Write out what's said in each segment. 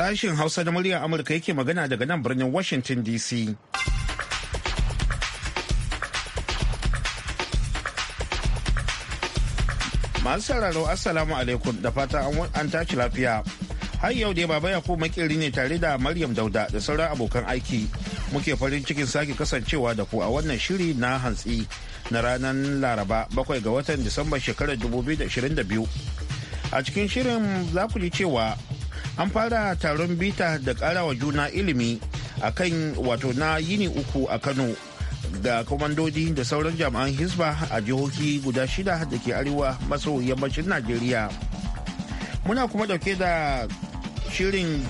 Sashen Hausa da muryar Amurka yake magana daga nan birnin Washington DC. Masu sauraro Assalamu alaikum da fata an tashi lafiya. Har yau dai Baba Yakubu makiri ne tare da Maryam Dauda da sauran abokan aiki. Muke farin cikin sake kasancewa da ku a wannan shiri na hantsi na ranar Laraba bakwai ga watan Disamba shekarar 2022. A cikin shirin za ku ji cewa an fara taron bita da karawa juna ilimi a akan wato na yini uku a kano da komandodi da sauran jami'an hisba a jihohi guda shida da ke arewa maso yammacin najeriya muna kuma dauke da shirin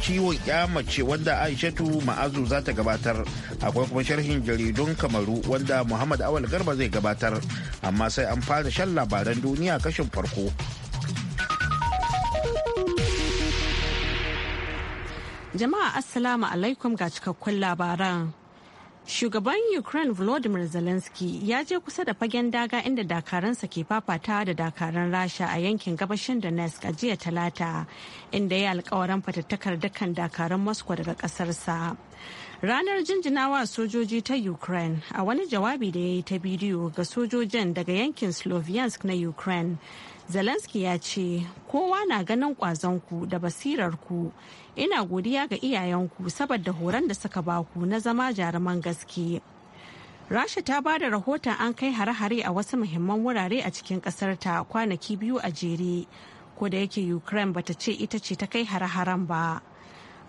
ciwon ya mace wanda aishatu ma'azu za ta gabatar akwai kuma sharhin jaridun kamaru wanda muhammad awal garba zai gabatar amma sai an fara shan labaran duniya kashin farko Jama'a Assalamu alaikum ga cikakkun labaran. Shugaban Ukraine Volodymyr Zelensky ya je kusa da fagen daga inda dakaransa ke fafata da dakaran Rasha a yankin gabashin Donetsk a jiya talata inda ya alkawarin fatattakar dukkan dakaran Moscow daga kasarsa. Ranar jinjinawa sojoji ta Ukraine a wani jawabi da ya yi ta bidiyo ga sojojin daga yankin Sloviansk na Ukraine Zelensky ya ce, Kowa na ganin ku da basirarku, ina godiya ga iyayenku saboda horon da suka baku na zama jaruman gaske. Rasha ta ba da rahoton an kai hare-hare a wasu muhimman wurare a cikin ƙasarta kwanaki biyu a jere, ko da yake Ukraine bata ce ita ce ta kai hare-haren ba.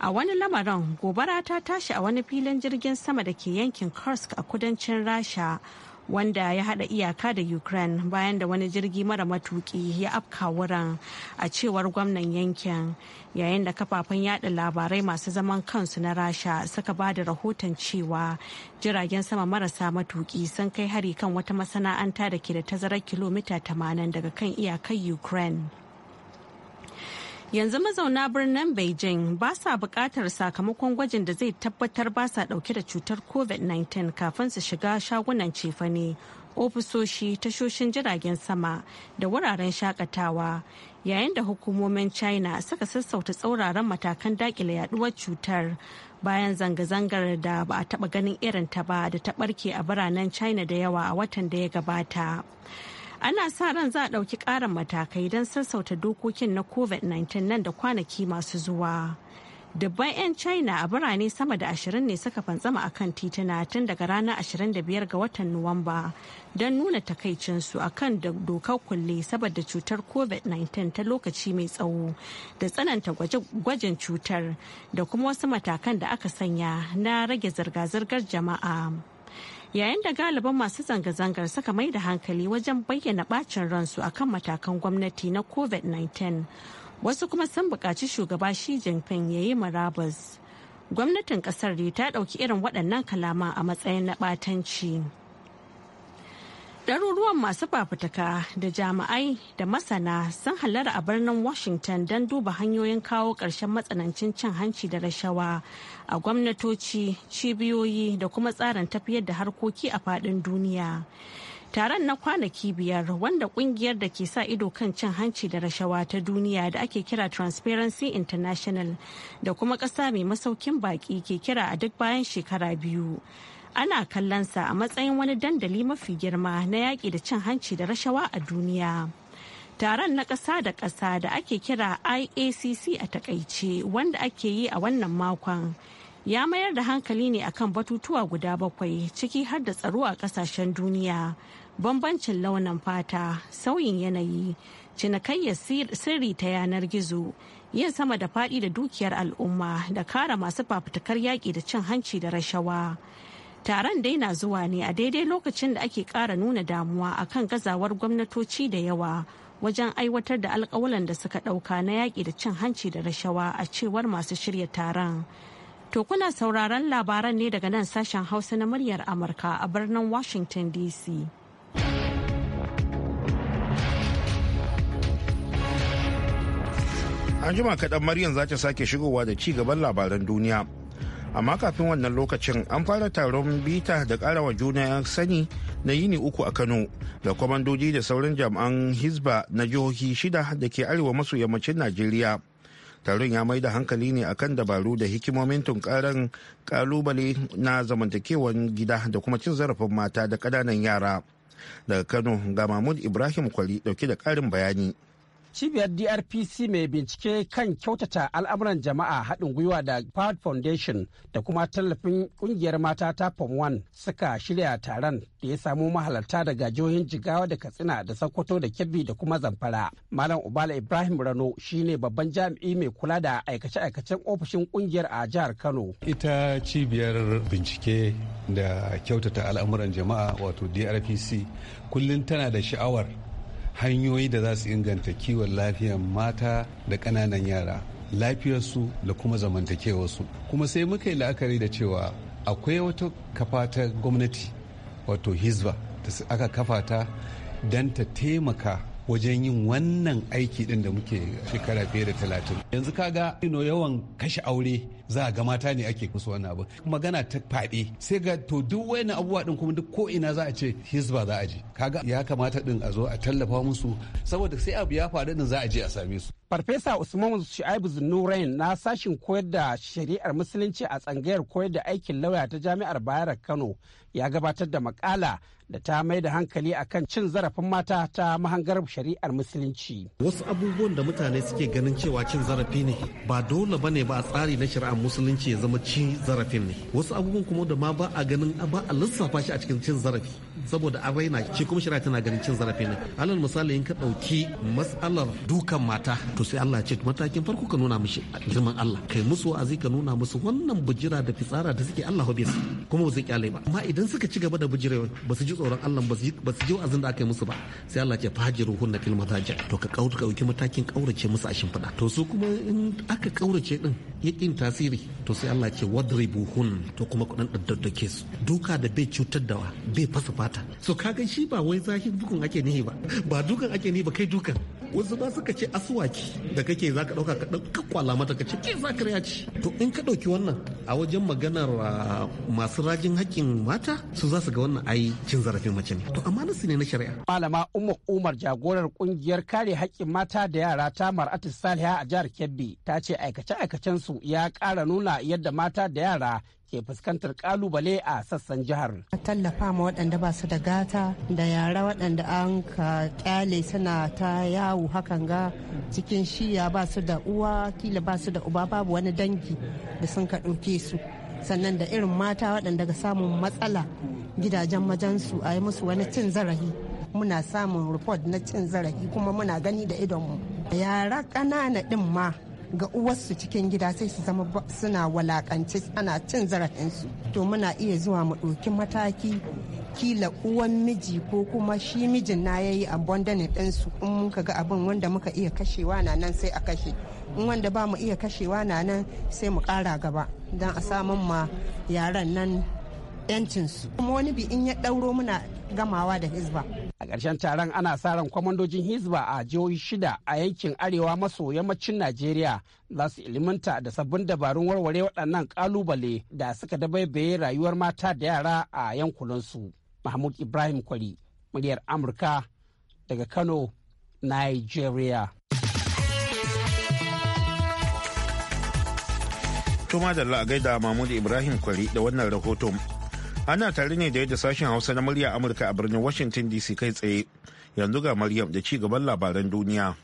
A wani lamarin gobara ta tashi a wani filin jirgin sama da ke yankin Kursk a kudancin Rasha. wanda ya hada iyaka da ukraine bayan da wani jirgi mara matuki ya afka wurin a cewar gwamnan yankin yayin da kafafen yada labarai masu zaman kansu na rasha suka ba da rahoton cewa jiragen sama marasa matuki sun kai hari kan wata masana'anta da ke da tazarar kilomita 80 daga kan iyakar ukraine yanzu mazauna birnin beijing ba sa bukatar sakamakon gwajin da zai tabbatar ba sa dauke da cutar covid-19 kafin su shiga shagunan cefane ofisoshi tashoshin jiragen sama da wuraren shakatawa yayin da hukumomin china suka sassauta tsauraran matakan dakile yaduwar cutar bayan zanga-zangar da ba a taba ganin irin ta ba da ta barke a biranen china da yawa a watan da ya gabata ana sa ran za a ɗauki ƙarin matakai don sassauta dokokin na covid-19 nan da kwanaki masu zuwa dubban 'yan china a birane sama da 20 ne suka fantsama a kan tituna tun daga ranar 25 ga watan nuwamba don nuna takaicinsu a kan dokar kulle saboda cutar covid-19 ta lokaci mai tsawo da tsananta gwajin cutar da kuma wasu matakan da aka sanya na rage zirga-zirgar jama'a. yayin da galiban masu zanga-zangar suka mai da hankali wajen bayyana bacin ransu akan matakan gwamnati na covid-19 wasu kuma sun buƙaci shugaba shi jinping ya yi marabas gwamnatin ƙasar ta ɗauki irin waɗannan kalama a matsayin na ɓatanci. Ɗaruruwan masu fafutuka da jami'ai da masana sun halara a birnin Washington don duba hanyoyin kawo ƙarshen matsanancin cin hanci da rashawa a gwamnatoci, cibiyoyi da kuma tsarin tafiyar da harkoki a faɗin duniya. Taron na kwanaki biyar wanda kungiyar da ke sa ido kan cin hanci da rashawa ta duniya da ake kira Transparency International da kuma ƙasa mai masaukin baƙi ke kira a duk bayan shekara biyu. ana kallonsa a matsayin wani dandali mafi girma na yaƙi da cin hanci da rashawa a duniya. Taron na ƙasa da ƙasa da ake kira IACC a takaice wanda ake yi a wannan makon ya mayar da hankali ne akan batutuwa guda bakwai ciki har da tsaro a ƙasashen duniya, bambancin launin fata, sauyin yanayi, cinikayyar sirri ta yanar gizo. yin sama da faɗi da dukiyar al'umma da kare masu fafutukar yaƙi da cin hanci da rashawa taron dai na zuwa ne a daidai lokacin da ake kara nuna damuwa a kan gazawar gwamnatoci da yawa wajen aiwatar da alkawalan da suka dauka na yaƙi da cin hanci da rashawa a cewar masu shirya taron. To kuna sauraron labaran ne daga nan sashen Hausa na muryar Amurka a birnin Washington DC. An jima kaɗan Maryam za sake shigowa da ci gaban labaran duniya. amma kafin wannan lokacin an fara taron bita da karawa juna sani na yini uku a kano da kwamandoji da sauran jami'an hizba na jihohi shida da ke arewa maso yammacin najeriya taron ya mai da hankali ne akan dabaru da hikimomin tunkarar kalubale na zamantakewar gida da kuma cin zarafin mata da ƙananan yara daga kano ga mahmud ibrahim kwali dauke da ƙarin bayani cibiyar drpc mai bincike kan kyautata al'amuran jama'a haɗin gwiwa da Pad foundation da kuma tallafin ƙungiyar mata ta pom one suka shirya taron da ya samu mahalarta daga jihohin jigawa da katsina da sokoto da kebbi da kuma zamfara malam ubala ibrahim rano shine babban jami'i mai kula da aikace-aikacen ofishin ƙungiyar a jihar kano ita cibiyar bincike da kyautata al'amuran jama'a wato drpc kullum tana da sha'awar hanyoyi da za su inganta kiwon lafiyar mata da ƙananan yara lafiyarsu da kuma zamantakewarsu kuma sai muka yi la'akari da cewa akwai wata kafa ta gwamnati wato hizba aka kafa ta don ta taimaka wajen yin wannan aiki din da muke shekara fiye da talatin yanzu kaga ino yawan kashe aure za a ga mata ne ake musu wannan abu magana ta faɗi sai ga to duk wani abubuwa din kuma duk ko za a ce hizba za a je kaga ya kamata din a zo a tallafa musu saboda sai abu ya faru din za a je a same su Farfesa Usman Shu'aibu Zunurain na sashin koyar da shari'ar musulunci a tsangayar koyar da aikin lauya ta Jami'ar Bayar Kano ya gabatar da makala da ta mai da hankali akan cin zarafin mata ta mahangar shari'ar musulunci. Wasu abubuwan da mutane suke ganin cewa cin zarafi ne ba dole bane ba a tsari na shari'ar musulunci ya zama cin zarafin ne. Wasu abubuwan kuma da ma ba a ganin ba a lissafa shi a cikin cin zarafi. saboda an raina shi kuma shari'a tana ganin cin zarafi ne alal misali in ka ɗauki matsalar dukan mata to sai Allah ce matakin farko ka nuna mishi girman Allah kai musu wa'azi ka nuna musu wannan bujira da fitsara da suke Allah hobe kuma ba su kyale ba amma idan suka ci gaba da bujirewa ba su ji ji tsoron Allah ba su ji wa'azin da aka yi musu ba sai Allah ce fajiru hunna fil mazaji to ka kaura ka matakin kaurace musu a shimfiɗa to su kuma in aka kaurace din ya yakin tasiri to sai Allah ce wadribu hun to kuma kudan daddake su duka da bai cutar da wa bai fasa fata so kaga shi ba wai zahin bukun ake nihi ba ba dukan ake nihi ba kai dukan wasu ba suka ce asuwaki da kake zaka dauka ka dauka kwala mata ka ce ke zaka riya ci to in ka dauki wannan a wajen maganar ah, masu rajin haƙƙin mata su za su ga wannan ai cin zarafin mace ne to amma nasu ne na shari'a malama umma umar jagorar kungiyar kare haƙƙin mata da yara ta mar'atu saliha a jihar kebbi ta ce aikace-aikacen su ya ƙara nuna yadda mata da yara ke fuskantar kalubale a sassan jihar. A tallafa ma waɗanda ba su da gata da yara waɗanda an ka kyale suna ta yawo hakan ga cikin shiya ba su da uwa kila ba su da uba babu wani dangi da sun ka ɗauke su. sannan da irin mata waɗanda ga samun matsala gidajen majansu a yi musu wani cin zarafi muna samun report na cin zarafi kuma muna gani da idonmu yara ƙanana ɗin ma ga uwarsu cikin gida sai su zama suna walakance ana cin zarafinsu to muna iya zuwa mu ɗauki mataki kila uwan miji ko kuma shi mijin na yayi abandonin ɗinsu in muka ga abin wanda muka iya kashewa na nan sai a kashe in wanda ba mu iya kashewa na nan sai mu kara gaba don a samun ma yaran nan yancinsu kuma wani bi in ya ɗauro muna gamawa da hizba a ƙarshen taron ana sa ran kwamandojin hizba a jihohi shida a yankin arewa maso yammacin najeriya za su iliminta da sabbin dabarun warware waɗannan ƙalubale da suka dabaibaye rayuwar mata da yara a yankunansu mahmud ibrahim kwari muryar amurka daga kano nigeria To madalla a gaida Mahmud Ibrahim Kwari da wannan rahoton. Ana tare ne da yadda sashen Hausa na murya Amurka a birnin Washington DC kai tsaye. Yanzu ga Maryam da ci gaban labaran duniya.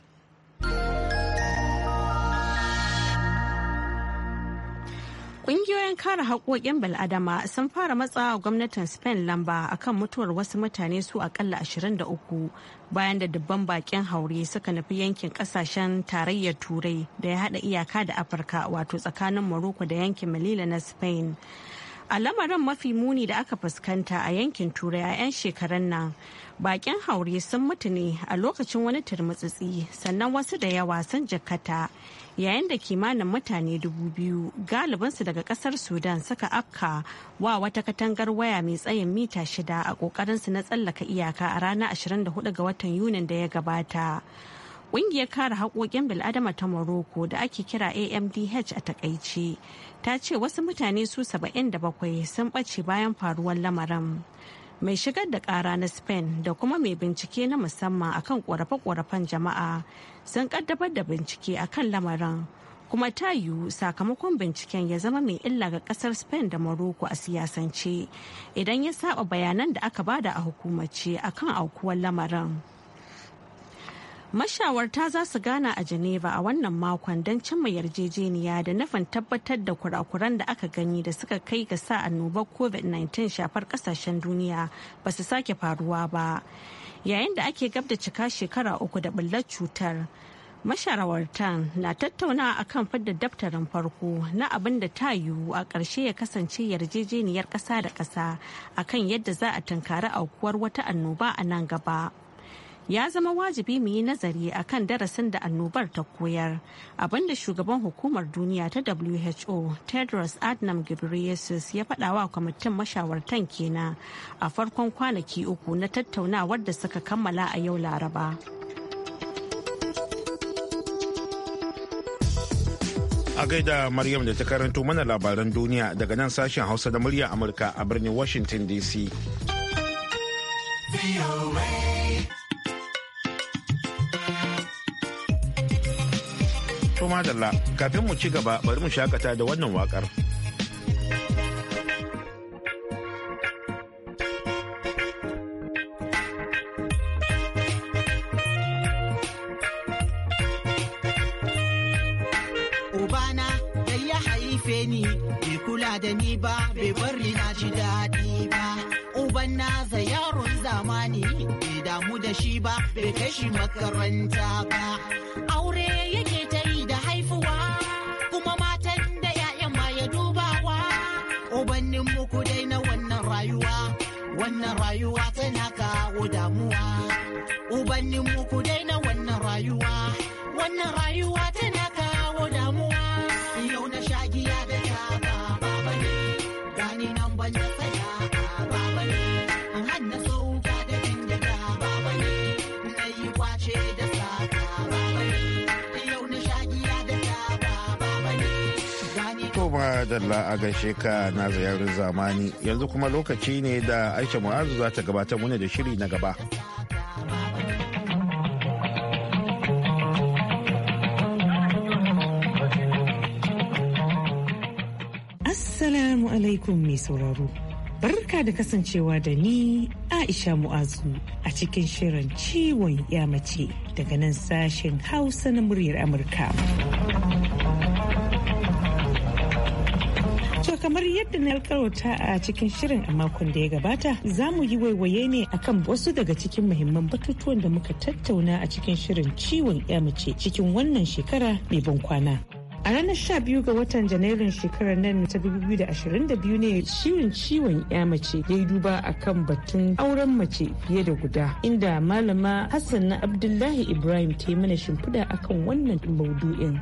Ƙungiyoyin kare haƙoƙin bil'adama sun fara matsa gwamnatin Spain lamba akan mutuwar wasu mutane su akalla 23 bayan da dubban bakin haure suka nufi yankin ƙasashen tarayyar Turai da ya haɗa iyaka da Afirka wato tsakanin Morocco da yankin Melilla na Spain. a lamarin mafi muni da aka fuskanta a yankin turai a 'yan shekaran nan bakin haure sun mutu ne a lokacin wani turmutsitsi sannan wasu da yawa sun jakata yayin da kimanin mutane dubu biyu galibinsu daga kasar sudan suka afka wa wata katangar waya mai tsayin mita shida a kokarinsu na tsallaka iyaka a ranar 24 ga watan yunin da ya gabata Ƙungiyar kare haƙoƙin bil'adama ta Morocco da ake kira AMDH a takaice ta ce wasu mutane su 77 sun ɓace bayan faruwar lamarin. Mai shigar da ƙara na Spain da kuma mai bincike na musamman akan ƙorafe-ƙorafen jama'a sun ƙaddamar da bincike akan lamarin. kuma ta yiwu sakamakon binciken ya zama mai illa ga ƙasar spain da morocco a siyasance idan ya saba bayanan da aka bada a hukumace akan aukuwar lamarin. mashawarta za su gana a geneva a wannan makon don cimma yarjejeniya da nufin tabbatar da kurakuran da aka gani da suka kai ga sa annobar covid-19 shafar kasashen duniya ba su sake faruwa ba yayin da ake gab da cika shekara uku da bullar cutar masharawarta na tattauna akan kan fidda daftarin farko na abin da ta yiwu a ƙarshe ya kasance yarjejeniyar ƙasa da ƙasa akan yadda za a tunkari aukuwar wata annoba a nan gaba ya zama wajibi mu yi nazari a kan darasin da annobar ta koyar abinda shugaban hukumar duniya ta who tedros adnam ghebreyesus ya faɗa wa kwamitin mashawartan kenan a farkon kwanaki uku na tattaunawar da suka kammala a yau laraba a gaida maryam da ta karanto mana labaran duniya daga nan sashen hausa da murya amurka a birnin washington dc madalla kafin mu ci gaba bari mu shakata da wannan wakar. Ubana da ya haife ni bai kula da ni ba bai bari na ji daɗi ba. Uban na za yaron zamani bai damu da shi ba bai kai shi makaranta ba. wannan rayuwa tana kawo damuwa. ubanninmu muku ku daina wannan rayuwa, wannan rayuwa Dalla a gaishe ka na ziyarar zamani yanzu kuma lokaci ne da aisha mu'azu za ta gabatar mana da shiri na gaba assalamu alaikum mai sauraro barka da kasancewa da ni aisha mu'azu a cikin shirin ciwon ya mace daga nan sashen hausa na muryar amurka. kamar yadda na alkarota a cikin shirin a makon da ya gabata za mu yi waiwaye ne akan wasu daga cikin muhimman batutuwan da muka tattauna a cikin shirin ciwon ya mace cikin wannan shekara mai ban kwana. A ranar sha biyu ga watan Janairun shekarar nan ta 2022 ne shirin ciwon ya mace ya yi duba a kan batun auren mace fiye da guda inda malama Hassan na Abdullahi Ibrahim ta yi mana shimfiɗa akan wannan maudu'in.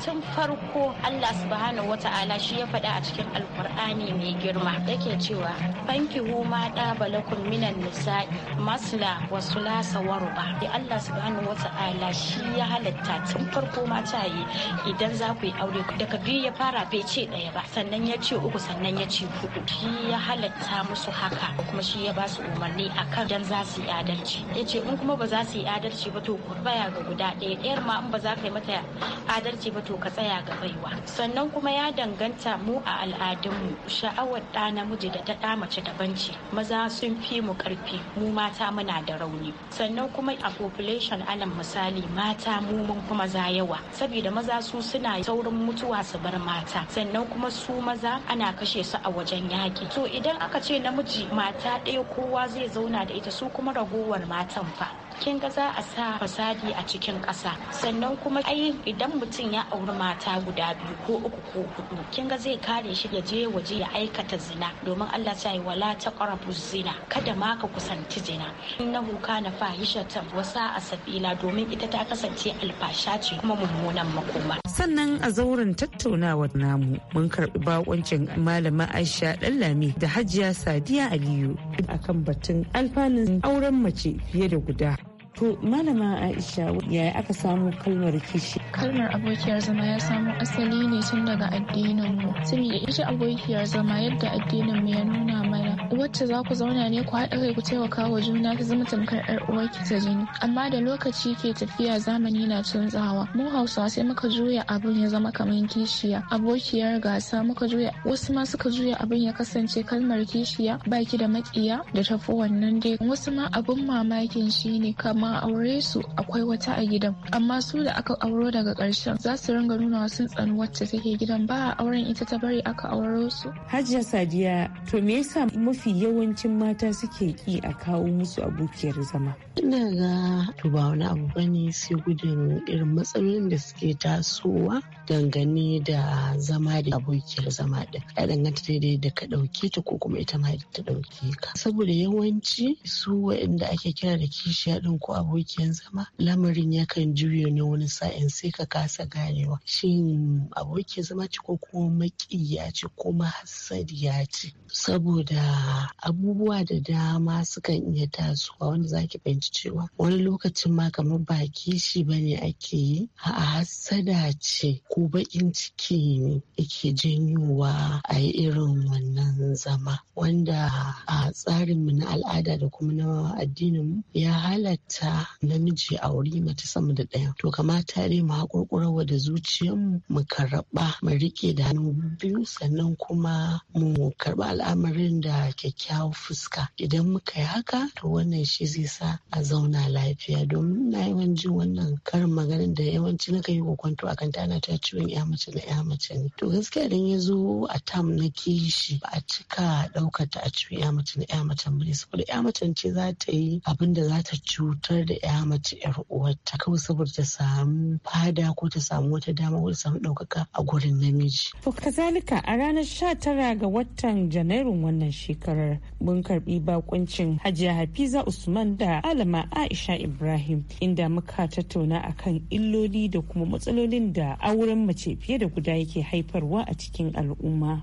tun farko Allah subhanahu ta'ala, shi ya faɗa a cikin alkur'ani mai girma yake cewa fanki huma da balakun minan nisa'i masla wa sulasa wa ruba ya Allah subhanahu ta'ala shi ya halatta tun farko mata yi idan za ku yi aure daga biyu ya fara bai ce ɗaya ba sannan ya ce uku sannan ya ce hudu shi ya halatta musu haka kuma shi ya ba su umarni a kan. dan za su yi adalci ya ce in kuma ba za su yi adalci ba to ku baya ga guda ɗaya ɗayar ma in ba za ka yi mata adalci ba to ka tsaya ga baiwa sannan kuma ya danganta mu a al'adunmu sha'awar ɗa namiji da ta ɗa mace daban banci maza sun fi mu ƙarfi mu mata muna da rauni sannan kuma a population anan misali mata mu mun kuma za yawa saboda maza su suna saurin mutuwa su bar mata sannan kuma su maza ana kashe su a wajen yaƙi to idan aka ce namiji mata ɗaya kowa zai zauna da ita su kuma ragowar matan fa kin ga za a sa fasadi a cikin ƙasa sannan kuma ai idan mutum ya auri mata guda biyu ko uku ko hudu kin ga zai kare shi ya je waje ya aikata zina domin Allah ta yi wala ta ƙarabu zina kada ma ka kusanci zina innahu na fahishatan wasa a sabila domin ita ta kasance alfasha ce kuma mummunan makoma sannan a zauren tattaunawar namu mun karbi bakoncin malama Aisha lami da Hajiya Sadiya Aliyu akan batun alfanun auren mace fiye da guda To malama Aisha ya aka samu kalmar kishi? Kalmar abokiyar zama ya samo asali ne tun daga addinin mu. Saboda ita abokiyar zama yadda addinin mu ya nuna wacce za ku zauna ne ku haɗa kai ku taimaka wa juna ta zama tamkar yar uwarki ta jini amma da lokaci ke tafiya zamani na canzawa mu hausawa sai muka juya abin ya zama kamar kishiya abokiyar gasa muka juya wasu ma suka juya abin ya kasance kalmar kishiya baki da maƙiya da tafi wannan dai wasu ma abin mamakin shine kama aure su akwai wata a gidan amma su da aka auro daga ƙarshen za su ringa nuna sun tsani wacce take gidan ba auren ita ta bari aka auro su hajiya sadiya to me yasa mafi yawancin mata suke ki a kawo musu abokiyar zama. Ina ga to wani abu bane sai gudun irin matsalolin da suke tasowa dangane da zama da abokiyar zama din. Ya danganta daidai da ka ɗauke ta ko kuma ita ma ta ɗauke ka. Saboda yawanci su waɗanda ake kira da kishiya din ko abokiyar zama lamarin yakan juya ne wani sa'in sai ka kasa ganewa. Shin abokiyar zama ce ko kuma maƙiya ce ko mahassadiya ce. Saboda abubuwa da dama sukan iya tasowa wanda za ki fahimci cewa wani lokacin ma kamar ba kishi bane ake yi a hassada ce ko baƙin ciki ne yake janyowa a yi irin wannan zama wanda a tsarinmu na al'ada da kuma na addininmu ya halatta namiji a wuri mace sama da ɗaya to kamata dai mu haƙurƙurawa da zuciyarmu mu karɓa mu riƙe da hannu biyu sannan kuma mu karɓa al'amarin da kyakkyawar fuska idan muka yi haka to wannan shi zai sa a zauna lafiya domin na jin wannan karin maganin da yawanci na yi kwanto a kan tana ta ciwon ya mace na ya mace ne to gaskiya idan ya zo a tam na kishi ba a cika daukar ta a ciwon ya mace na ya mace ba ne saboda ya mace ce za ta yi abin da za ta cutar da ya mace yar uwarta kawai saboda ta samu fada ko ta samu wata dama ko ta samu ɗaukaka a gurin namiji. To kazalika a ranar sha tara ga watan Janairun wannan shekara shekarar mun karbi bakuncin hajiya hafiza usman da alama aisha ibrahim inda muka tattauna a kan illoli da kuma matsalolin da auren mace fiye da guda yake haifarwa a cikin al'umma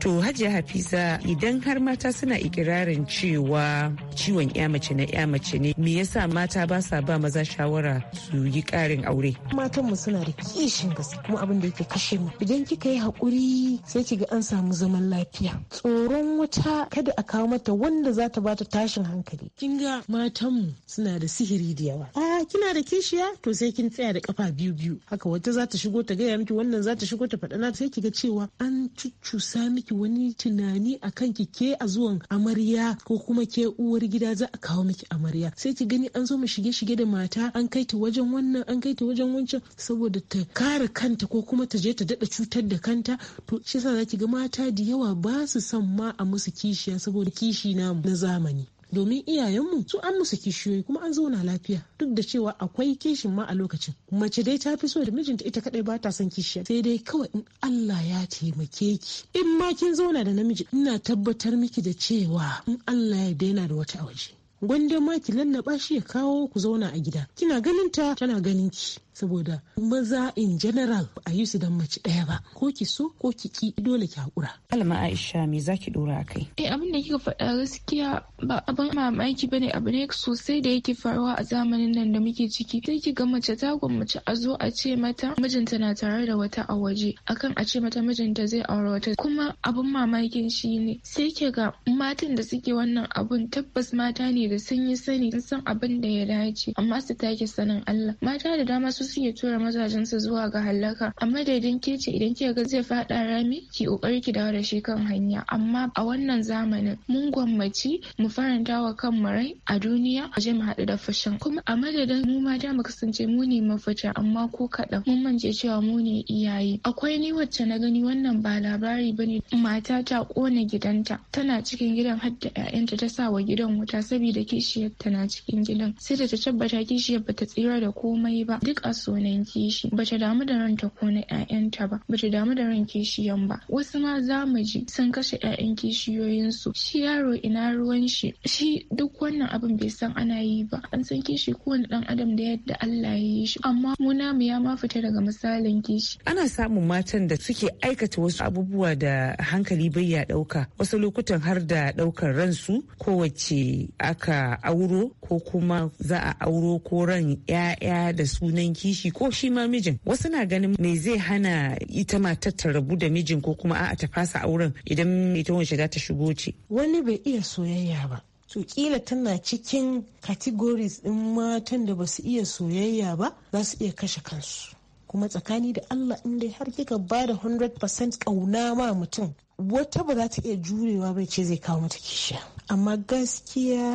To Hajiya Hafiza idan har mata suna ikirarin cewa ciwon ya mace na ya mace ne me yasa mata ba sa ba maza shawara su yi karin aure? Matan mu suna da kishin gaske kuma abin da yake kashe mu. Idan kika yi hakuri sai ki ga an samu zaman lafiya. Tsoron wata kada a kawo mata wanda za ta bata tashin hankali. Kin ga matanmu mu suna da sihiri da yawa. A kina da kishiya to sai kin tsaya da kafa biyu biyu. Haka wata za ta shigo ta gaya miki wannan za ta shigo ta faɗa na sai ki ga cewa an cuccusa miki miki wani tunani a kanki ke a zuwan amarya ko kuma ke uwar gida za a kawo miki amarya sai ki gani an zo mu shige shige da mata an kai ta wajen wannan an kai ta wajen wancan saboda ta kare kanta ko kuma ta je ta dada cutar da kanta to shi yasa ki ga mata da yawa ba su son ma a musu kishiya saboda kishi na na zamani domin iyayenmu su an musu kishiyoyi kuma an zauna lafiya duk da cewa akwai kishin ma a lokacin mace dai ta fi so da mijinta ita kadai ba ta son kishiya sai dai kawai in Allah ya taimake ki in ma kin zauna da namiji ina tabbatar miki da cewa in Allah ya daina da wata a waje gwanda ma ki lallaba shi ya kawo ku zauna a gida kina ganin ta tana ganin ki saboda maza in general a yi su dan mace daya ba ko ki so ko ki ki dole ki hakura Malama Aisha me za ki ɗora kai? Eh abin da kika faɗa gaskiya ba abin mamaki ne, abu ne sosai da yake faruwa a zamanin nan da muke ciki sai ki ga mace ta gwammace a zo a ce mata mijinta na tare da wata a waje akan a ce mata mijinta zai aure wata kuma abin mamakin shi ne sai ki ga matan da suke wannan abun tabbas mata ne da sun yi sani sun san abin da ya dace amma su take sanin Allah mata da dama su su ya tura mazajen su zuwa ga hallaka amma daidan ke ce idan kika ga zai fada rami ki kokari ki dawo da shi kan hanya amma a wannan zamanin mun gwammaci mu faranta wa kan marai a duniya a je mu hadu da fashin. kuma a madadin mu mata da mu kasance mu ne mafita amma ko kaɗan mun mance cewa mu ne iyaye akwai ni wacce na gani wannan ba labari bane mata ta kona gidanta tana cikin gidan har da 'ya'yanta ta sa wa gidan wuta saboda kishiyar na cikin gidan sai da ta tabbata kishiyar ba ta tsira da komai ba duk a sunan kishi bata damu da ranta ko na 'ya'yanta ba bata damu da ran kishiyan ba wasu ma za mu ji sun kashe 'ya'yan kishiyoyinsu shi yaro ina ruwan shi shi duk wannan abin bai san ana yi ba an san kishi kowane ɗan adam da yadda Allah ya yi shi amma mu namu ya ma fita daga misalin kishi ana samun matan da suke aikata wasu abubuwa da hankali bai ya dauka wasu lokutan har da daukar ransu wacce aka auro ko kuma za a auro ko ran 'ya'ya da sunan kishi ko shi ma mijin wasu na ganin me zai hana ita matar ta rabu da mijin ko kuma a'a ta fasa auren idan ita wani shiga ta shigo ce wani bai iya soyayya ba to kila tana cikin categories din matan da basu iya soyayya ba za su iya kashe kansu kuma tsakani da Allah in dai har kika ba da 100% kauna ma mutum wata ba za ta iya jurewa bai ce zai kawo mata kishiya. amma gaskiya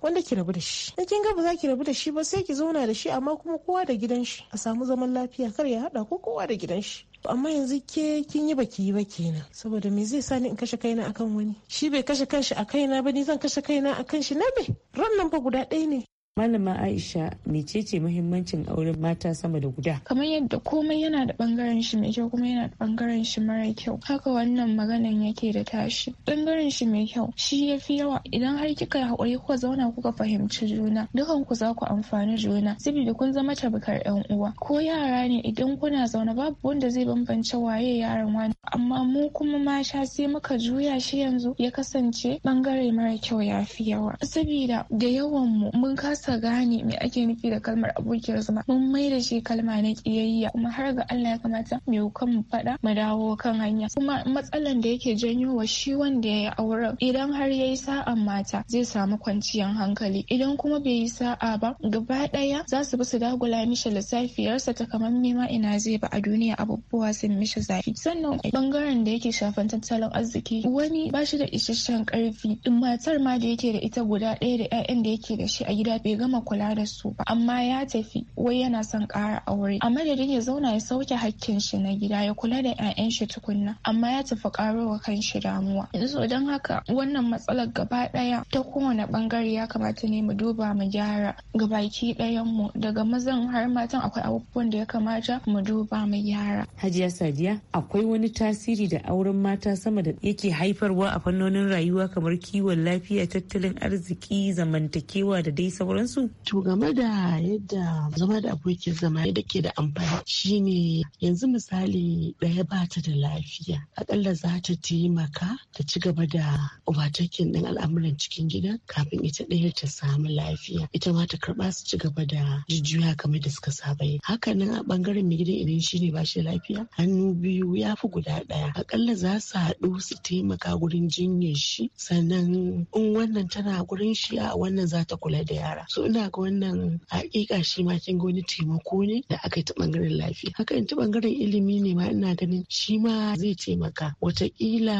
wanda ki rabu da shi da kin ga ba za ki rabu da shi ba sai ki zauna da shi amma kuma kowa da gidan shi a samu zaman lafiya kar ya hada ko kowa da gidan shi amma yanzu ke kin yi baki yi ba kenan saboda me zai sani in kashe kaina akan wani shi bai kashe kanshi a kaina ba ni zan kashe kaina akan shi na bai ran nan fa guda ɗaya ne Malama Aisha mecece muhimmancin auren mata sama da guda? Kamar yadda komai yana da bangaren shi mai kyau kuma yana da bangaren shi mara kyau. Haka wannan maganan yake da tashi. Bangaren shi mai kyau shi ya fi yawa idan har kika yi haƙuri kuka zauna kuka fahimci juna dukan ku za ku amfani juna sabida kun zama tabakar yan uwa. Ko yara ne idan kuna zauna babu wanda zai bambance waye yaran wani. Amma mu kuma mata sai muka juya shi yanzu ya kasance bangare mara kyau ya fi yawa. sabida da yawan mu mun kasa kasa gane me ake nufi da kalmar abokiyar zama mun mai da shi kalma na kiyayya kuma har ga Allah ya kamata me mu faɗa mu dawo kan hanya kuma matsalan da yake janyo wa shi wanda ya yi auren idan har ya yi sa'an mata zai samu kwanciyar hankali idan kuma bai yi sa'a ba gaba ɗaya za su bi su dagula mishi lissafiyarsa ta kamar nema ina zai ba a duniya abubuwa sun mishi zafi sannan bangaren da yake shafan tattalin arziki wani ba shi da isasshen karfi matar ma da yake da ita guda ɗaya da 'ya'yan da yake da shi a gida bai bai gama kula da su ba amma ya tafi wai yana son ƙara aure a madadin ya zauna ya sauke hakkin shi na gida ya kula da 'ya'yan shi tukunna amma ya tafi karowa kan shi damuwa yanzu don haka wannan matsalar gaba ɗaya ta kowane ɓangare ya kamata ne mu duba mu gyara baki ɗayan mu daga mazan har matan akwai abubuwan da ya kamata mu duba mu gyara hajiya sadiya akwai wani tasiri da auren mata sama da yake haifarwa a fannonin rayuwa kamar kiwon lafiya tattalin arziki zamantakewa da dai sauran sauransu? To game da yadda zama da abokin zama yadda ke da amfani shine yanzu misali ɗaya ba ta da lafiya akalla za ta taimaka ta ci gaba da ubatakin ɗin al'amuran cikin gida kafin ita ɗaya ta samu lafiya ita ma ta karɓa su ci gaba da jujjuya kamar da suka saba yi hakanan a ɓangaren mai gidan idan shine ba shi lafiya hannu biyu ya fi guda ɗaya akalla za su haɗu su taimaka gurin jinyar shi sannan in wannan tana gurin shi a wannan za ta kula da yara so ina ga wannan hakika shi ma kin ga taimako ne da aka yi ta bangaren lafiya haka in ta bangaren ilimi ne ma ina ganin shi ma zai taimaka watakila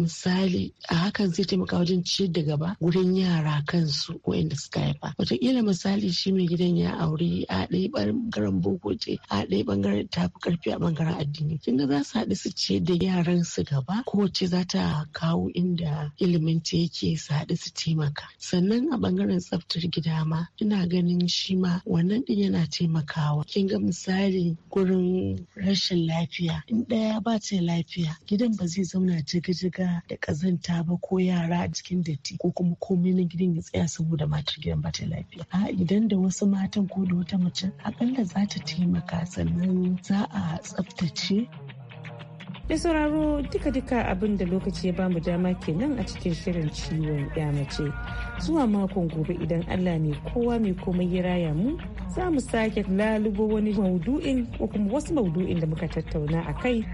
misali a hakan zai taimaka wajen ciyar da gaba gurin yara kansu waɗanda suka haifa watakila misali shi mai gidan ya auri a ɗaya bangaren boko ce a ɗaya bangaren tafi karfi a bangaren addini kin ga za su haɗu su ciyar da yaran su gaba ko ce za ta kawo inda ilimin ta yake su haɗu su taimaka sannan a bangaren tsaftar gida dama ina ganin shi ma wannan din yana taimakawa kin ga misali gurin rashin lafiya in ɗaya ba ta lafiya gidan ba zai zauna jigijiga da ƙazanta ba ko yara a cikin datti ko kuma komai na gidan ya tsaya saboda matar gidan ba ta lafiya a idan da wasu matan ko da wata mace akalla za ta taimaka sannan za a tsaftace da sauraro duka-duka abin da lokaci ya bamu dama kenan a cikin shirin ciwon ya mace zuwa makon gobe idan allah ne kowa mai komai ya raya mu za mu sake lalubo wani maudu'in ko kuma wasu maudu'in da muka tattauna a kai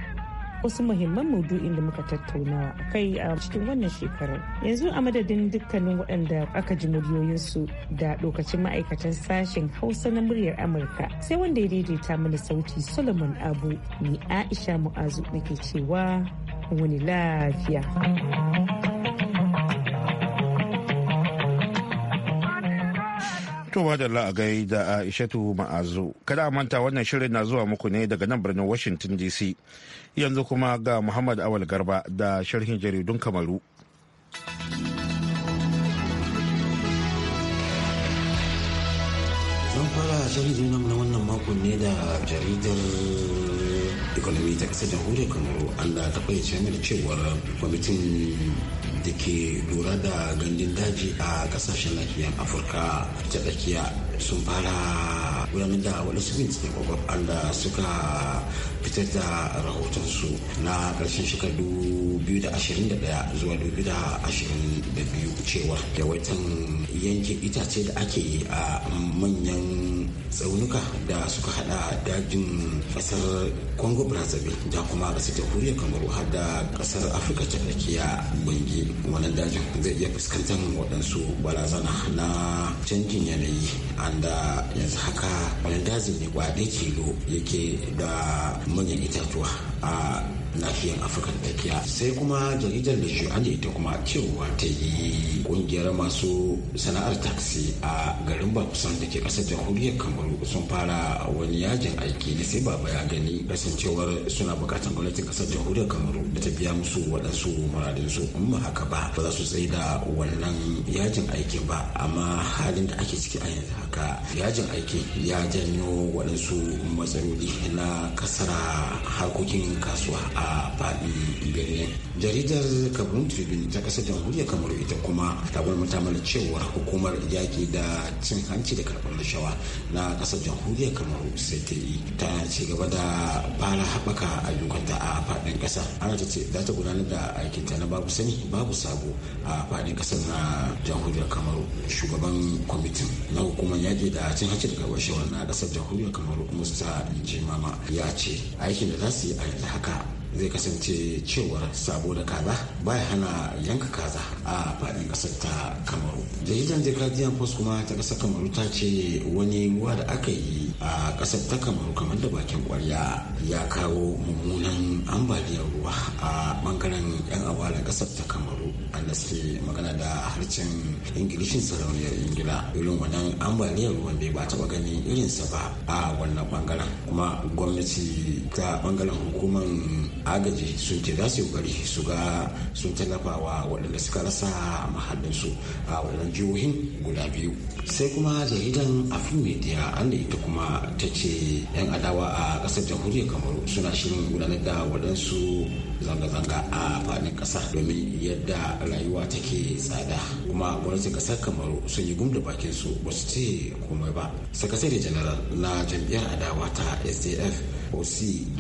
wasu muhimman maudu'in da muka tattauna a kai a cikin wannan shekarar yanzu a madadin dukkanin waɗanda aka ji muryoyinsu da lokacin ma'aikatan sashen hausa na muryar amurka sai wanda ya daidaita mana sauti solomon abu ni aisha mu'azu nake cewa wani lafiya To madalla a gaida Aishatu Ma'azu. Kada a manta wannan shirin na zuwa muku ne daga nan birnin Washington DC. Yanzu kuma ga Muhammad Awal Garba da sharhin jaridun Kamaru. Zan fara jaridar nan na wannan makon ne da jaridar ikonomi ta kasar jamhuriyar kamaru an da ta fayyace mana cewar kwamitin da ke lura da gandun daji a kasashen lafiyar afirka ta tsakiya sun fara gudanar da wani waɗansu bincike kwakwaf da suka fitar da rahotonsu na ƙarshen shekaru 2021 zuwa 2022 cewa. yawaitan yanke itace da ake yi a manyan tsaunuka da suka hada dajin kasar congo brazzaville da kuma kasar jamhuriyar kamaru har da kasar afirka ta tsakiya gungi wannan dajin zai iya fuskantar waɗansu barazana na canjin yanayi anda yanzu haka wani dajin ne kwaɗe kilo yake da manyan itatuwa a nahiyar afirka da tsakiya sai kuma jaridar da ita kuma cewa ta yi kungiyar masu sana'ar taxi a garin bakusan da ke kasar jamhuriyar kamaru sun fara wani yajin aiki na sai baba ya gani kasancewar suna bukatar gwamnatin kasar jamhuriyar kamaru da ta biya musu waɗansu muradinsu in ba haka ba ba za su tsaye da wannan yajin aikin ba amma halin da ake ciki a yanzu haka yajin aikin ya janyo waɗansu matsaloli na kasara harkokin kasuwa a a birnin jaridar kabin tribune ta ƙasar jamhuriyar kamaru ita kuma ta gwamnata mana cewa hukumar yaƙi da cin hanci da karɓar rashawa na ƙasar jamhuriyar kamaru yi e, ta ci gaba da fara haɓaka ayyukanta a faɗin ƙasa ana ta ce za ta gudanar da aikinta na babu sani babu sabo a faɗin ƙasar na jamhuriyar kamaru shugaban kwamitin na hukumar yaƙi da cin hanci da karɓar rashawa na ƙasar jamhuriyar kamaru musa jimama ya ce aikin da za su yi a yanzu haka zai kasance cewar sabo da kaza baya hana yanka kaza a faɗin ƙasar ta kamaru jaridar the guardian post kuma ta ƙasar kamaru ta ce wani ruwa da aka yi a ƙasar ta kamaru kamar da bakin kwarya ya kawo mummunan ambaliyar ruwa a bangaren yan awalin ƙasar ta kamaru da suke magana da harshen ingilishin sarauniyar ingila irin wannan ambaliyar ruwan da ba taɓa ganin irinsa ba a wannan bangaren kuma gwamnati ta bangaren hukumar agaji sun ce za su yi kokari su ga sun tallafa wa waɗanda suka rasa mahallinsu a wannan jihohin guda biyu sai kuma jaridan afrin media an da ita kuma ta ce 'yan adawa a kasar jamhuriyar kamaru suna shirin gudanar da waɗansu zanga-zanga a faɗin ƙasa domin yadda rayuwa take tsada kuma gwamnatin ƙasar kamaru sun yi gum da bakin su ba su ce komai ba sakasare janaral na jam'iyyar adawa ta sdf oc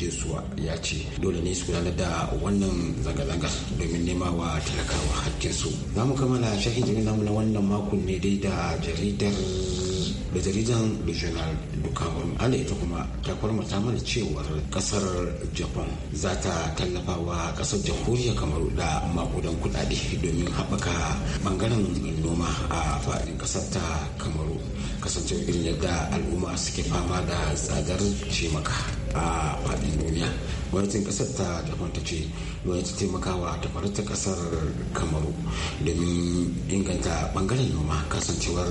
jesuwa ya ce dole ne su gudanar da wannan zanga zanga domin nema wa talakawa hakkinsu za mu kammala shahin jami'in namu na wannan makon ne dai yi da jaridar da jaridan regional dukawan ana ita kuma ta kwarmata mana cewar kasar japan za ta tallafa wa kasar jamhuriyar kamaru da makudan kudade domin haɓaka bangaren noma a faɗin kasar ta kamaru kasancewar irin yadda al'umma suke fama da tsadar cimaka a fadin duniya gwamnatin kasar ta daban ta ce gwamnati taimakawa ta faru ta kasar kamaru domin inganta bangaren noma kasancewar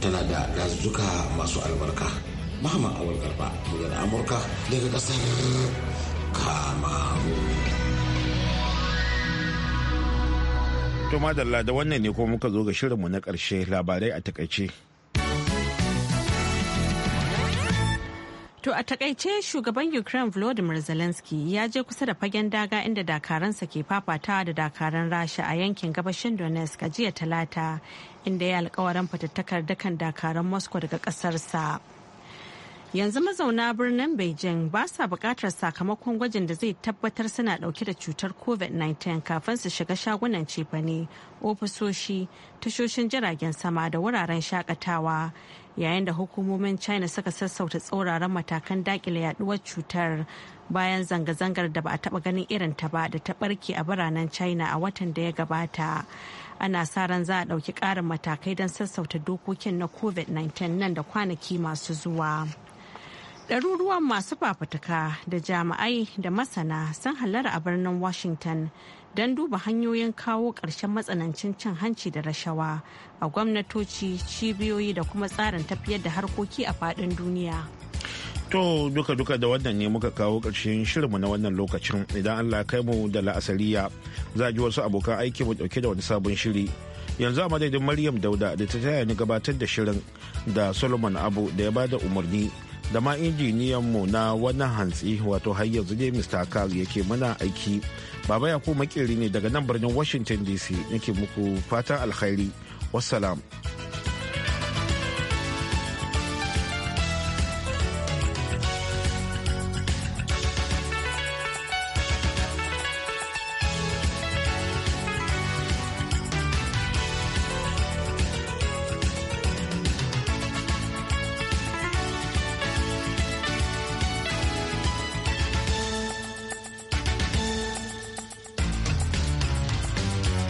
tana da dazuka masu albarka mahamman awar garba muryar amurka daga kasar kamaru to madalla da wannan ne kuma muka zo ga shirinmu na ƙarshe labarai a takaice To a takaice shugaban Ukraine Volodymyr Zelensky ya je kusa da fagen daga inda dakaransa ke fafatawa da dakaran Rasha a yankin gabashin Donetsk a jiya talata inda ya alkawarin fatattakar dakan dakaran Moscow daga ƙasarsa. yanzu mazauna birnin beijing ba sa bukatar sakamakon gwajin da zai tabbatar suna dauke da cutar covid-19 kafin su shiga shagunan cefane ofisoshi tashoshin jiragen sama da wuraren shakatawa yayin da hukumomin china suka sassauta tsauraran matakan dakile yaduwar cutar bayan zanga-zangar da ba a taba ganin irin ta ba da ta barke a biranen china a watan da ya gabata ana sa ran za a ɗauki ƙarin matakai don sassauta dokokin na covid-19 nan da kwanaki masu zuwa. ɗaruruwan masu fafutuka da jami'ai da masana sun halara a birnin washington don duba hanyoyin kawo ƙarshen matsanancin cin hanci da rashawa a gwamnatoci cibiyoyi da kuma tsarin tafiyar da harkoki a faɗin duniya To duka-duka da wannan ne muka kawo ƙarshen shirinmu na wannan lokacin idan Allah kai mu da la'asariya za ji wasu abokan aiki mu dauke da wani sabon shiri. Yanzu a madadin Maryam Dauda da ta taya ni gabatar da shirin da Solomon Abu da ya bada umarni da ma injiniyanmu na wannan hantsi wato har yanzu ne mr kar yake mana aiki baba yakubu makeri ne daga nan birnin washington dc nake muku fatan alkhairi wassalam